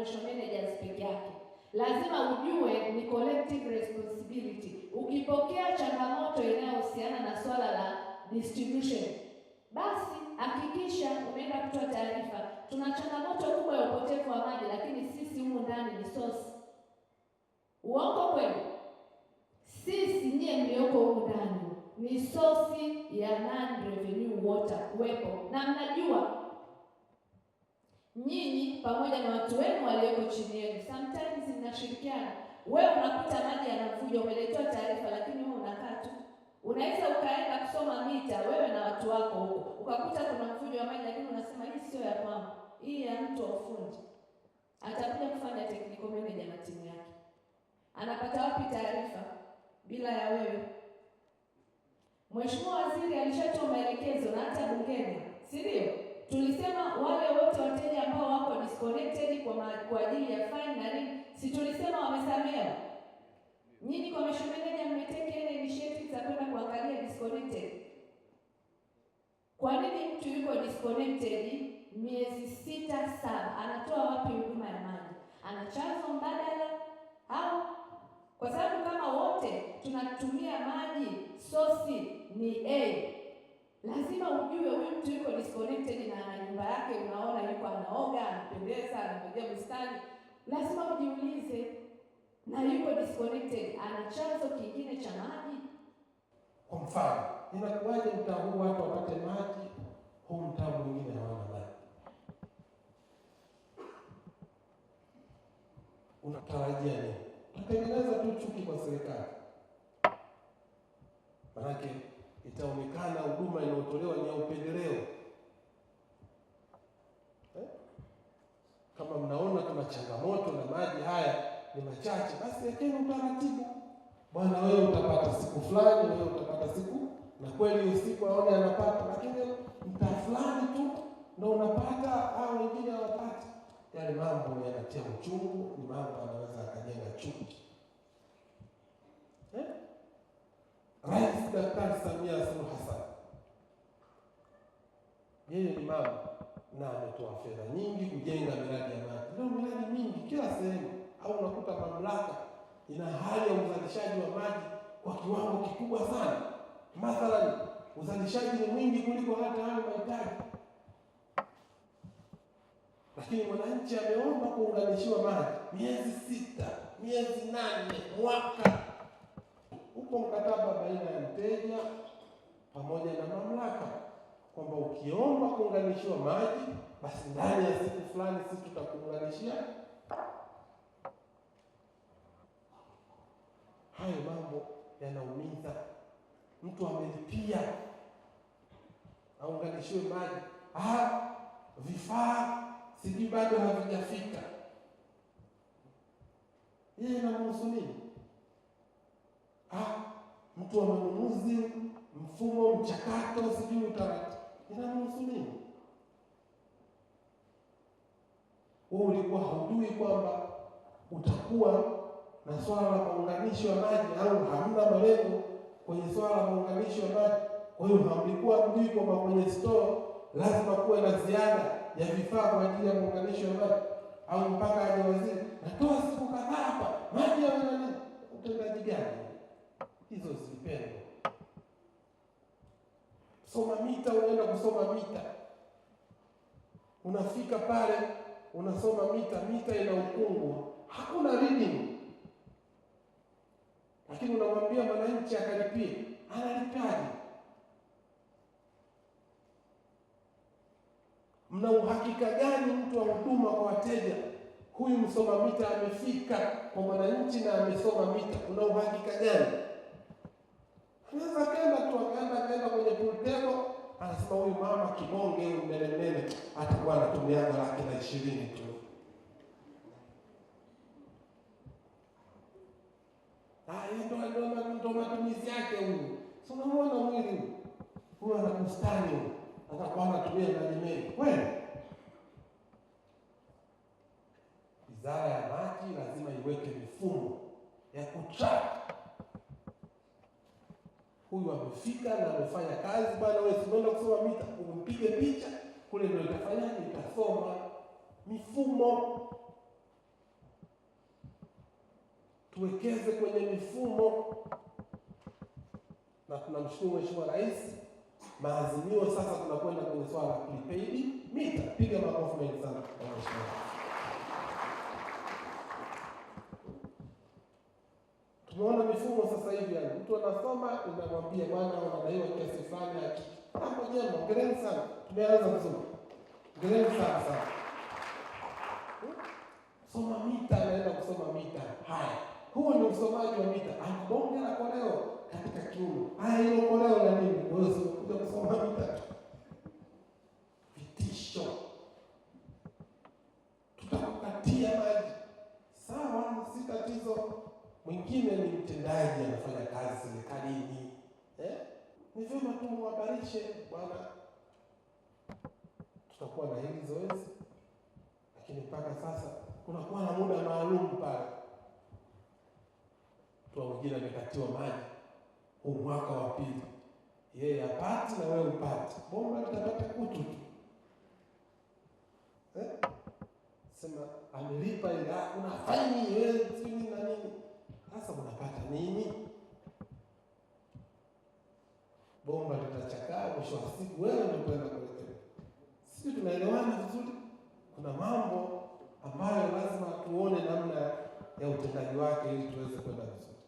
commercial managers peke yake. Lazima ujue ni collective responsibility. Ukipokea changamoto inayohusiana na swala la distribution, basi hakikisha umeenda kutoa taarifa, tuna changamoto kubwa ya upotevu wa maji, lakini sisi humu ndani ni source. Uongo kweli? Sisi nyie mlioko humu ndani ni source ya non revenue water kuwepo, na mnajua nyinyi pamoja na watu wenu walioko chini yenu, sometimes mnashirikiana. Wewe unakuta maji yanavuja, umeletewa taarifa, lakini wewe unakaa tu. Unaweza ukaenda kusoma mita wewe na watu wako huko, ukakuta kuna mvujo wa maji, lakini unasema hii sio ya kwangu, hii ya mtu wa ufundi. Atakuja kufanya tekniko meneja na timu yake, anapata wapi taarifa bila ya wewe? mweshimua Waziri alishatoa maelekezo na hata bungeni, sindio tulisema wale wote wateja ambao wako disconnected kwa kwa ajili ya fine na nini, si tulisema wamesamea Nyinyi commercial manager mmeteke ile initiative za kwenda kuangalia disconnected. Kwa nini mtu yuko disconnected miezi sita saba, anatoa wapi huduma ya maji? Ana chanzo mbadala au? Kwa sababu kama wote tunatumia maji sosi ni A Lazima ujue huyu mtu yuko disconnected na ana nyumba yake, unaona yuko anaoga, anapendeza, anapiga bustani. Lazima ujiulize, na yuko disconnected, ana chanzo kingine cha maji. Kwa mfano, inakuwaje mtaa huu watu wapate maji, huu mtaa mwingine hawana maji? Unatarajia nini? Tutengeneza tu chuki kwa serikali, maanake itaonekana huduma inayotolewa ni ya upendeleo eh? Kama mnaona kuna changamoto na maji haya ni machache, basi yakeni utaratibu, bwana, wewe utapata siku fulani, wewe utapata siku, na kweli usiku siku aone anapata, lakini mtaa fulani tu ndo unapata au wengine hawapati. Yale mambo yanatia uchungu, ni mambo anaweza akajenga chuki. Rais Daktari Samia Suluhu Hassan yeye ni mama na ametoa fedha nyingi kujenga miradi ya maji. Ndio miradi mingi kila sehemu, au unakuta mamlaka ina hali ya uzalishaji wa maji kwa kiwango kikubwa sana. Mathalan, uzalishaji ni mwingi kuliko hata hayo mahitaji, lakini mwananchi ameomba kuunganishiwa maji miezi sita, miezi nane, mwaka wateja pamoja na mamlaka kwamba ukiomba kuunganishiwa maji, basi ndani ya siku fulani sisi tutakuunganishia. Hayo mambo yanaumiza. Mtu amelipia aunganishiwe maji, ah, vifaa sijui bado havijafika. Hii inamhusu nini? mtu wa manunuzi, mfumo, mchakato, sijui utaratibu, inanuhusu nini? Wewe ulikuwa haujui kwamba utakuwa na swala la maunganisho ya maji au hamna malengo kwenye swala la maunganisho ya maji? Kwa hiyo hamlikuwa mjui kwamba kwenye store lazima kuwe na ziada ya vifaa kwa ajili ya maunganisho ya maji au mpaka aje waziri natoa siku kadhaa hapa maji yamenani utendaji gani? hizo zipendo. Soma mita, unaenda kusoma mita, unafika pale unasoma mita, mita ina ukungu, hakuna reading, lakini unamwambia mwananchi akalipie, analipaje? Mna uhakika gani mtu wa huduma kwa wateja huyu msoma mita amefika kwa mwananchi na amesoma mita, una uhakika gani? Sasa huyu mama kibonge huyu mnenemene atakuwa anatumiaga laki na ishirini tu. Ah, Ndo matumizi yake huyu. Si unamwona mwili huyu, ana bustani, atakuwa anatumia maji mengi kweli. Wizara ya maji lazima iweke mifumo ya kutra huyu amefika na amefanya kazi. Bwana wewe unaenda kusoma mita, umpige picha kule, ndio itafanya itasoma mifumo. Tuwekeze kwenye mifumo, na tunamshukuru Mheshimiwa Rais, maazimio sasa tunakwenda kwenye swala prepaid mita. Piga makofi mengi sana kwa Mheshimiwa. mifumo sasa hivi yani, mtu anasoma unamwambia bwana, unadaiwa kiasi fulani hiki. Hapo ah, jema, ongereni sana, tumeanza vizuri, ongereni sana sana. Soma mita, naenda kusoma mita. Haya, huo ni usomaji wa mita. Bonge na koleo katika kiuno, haya ah, ile koleo na nini, wewe usikuja kusoma mwingine ni mtendaji, anafanya kazi serikalini eh? Ni vyema tu bwana, tutakuwa na hili zoezi, lakini mpaka sasa kunakuwa na muda maalum pale. tua mwingine amekatiwa maji huu mwaka wa pili, yeye apati na wewe upati, bomba litapata kutu tu eh? Sema amelipa ila kuna wewe nini na nini ya utendaji wake ili tuweze kwenda vizuri.